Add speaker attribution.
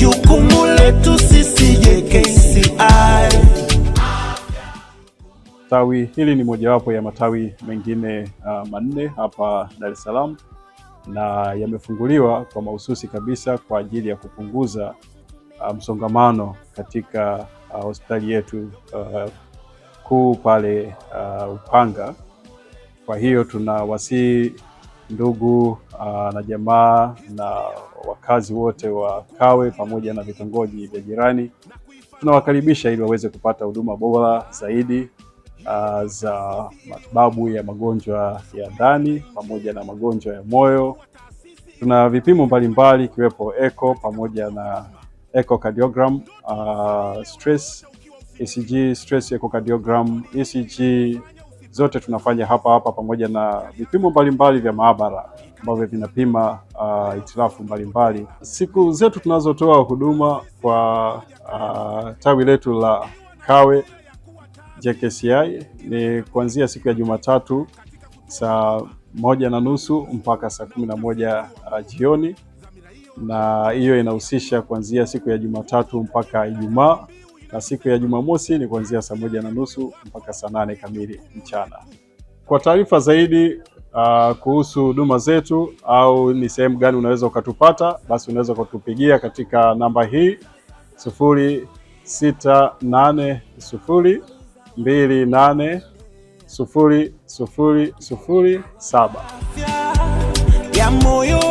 Speaker 1: jukumu letu sisi JKCI. Tawi hili ni mojawapo ya matawi mengine uh, manne hapa Dar es Salaam na yamefunguliwa kwa mahususi kabisa kwa ajili ya kupunguza uh, msongamano katika uh, hospitali yetu uh, kuu pale uh, Upanga. Kwa hiyo tunawasihi ndugu uh, na jamaa na wakazi wote wa Kawe pamoja na vitongoji vya jirani tunawakaribisha ili waweze kupata huduma bora zaidi uh, za matibabu ya magonjwa ya ndani pamoja na magonjwa ya moyo. Tuna vipimo mbalimbali ikiwepo echo pamoja na echocardiogram, uh, stress ECG, stress echocardiogram, ECG zote tunafanya hapa hapa, pamoja na vipimo mbalimbali vya maabara ambavyo vinapima uh, mbalimbali. Siku zetu tunazotoa huduma kwa uh, tawi letu la Kawe JKCI ni kuanzia siku ya Jumatatu saa moja na nusu mpaka saa kumi na moja uh, jioni, na hiyo inahusisha kuanzia siku ya Jumatatu mpaka Ijumaa na siku ya Jumamosi ni kuanzia saa moja na nusu mpaka saa nane kamili mchana. Kwa taarifa zaidi uh, kuhusu huduma zetu au ni sehemu gani unaweza ukatupata, basi unaweza ukatupigia katika namba hii sufuri sita nane sufuri mbili nane sufuri sufuri sufuri saba ya moyo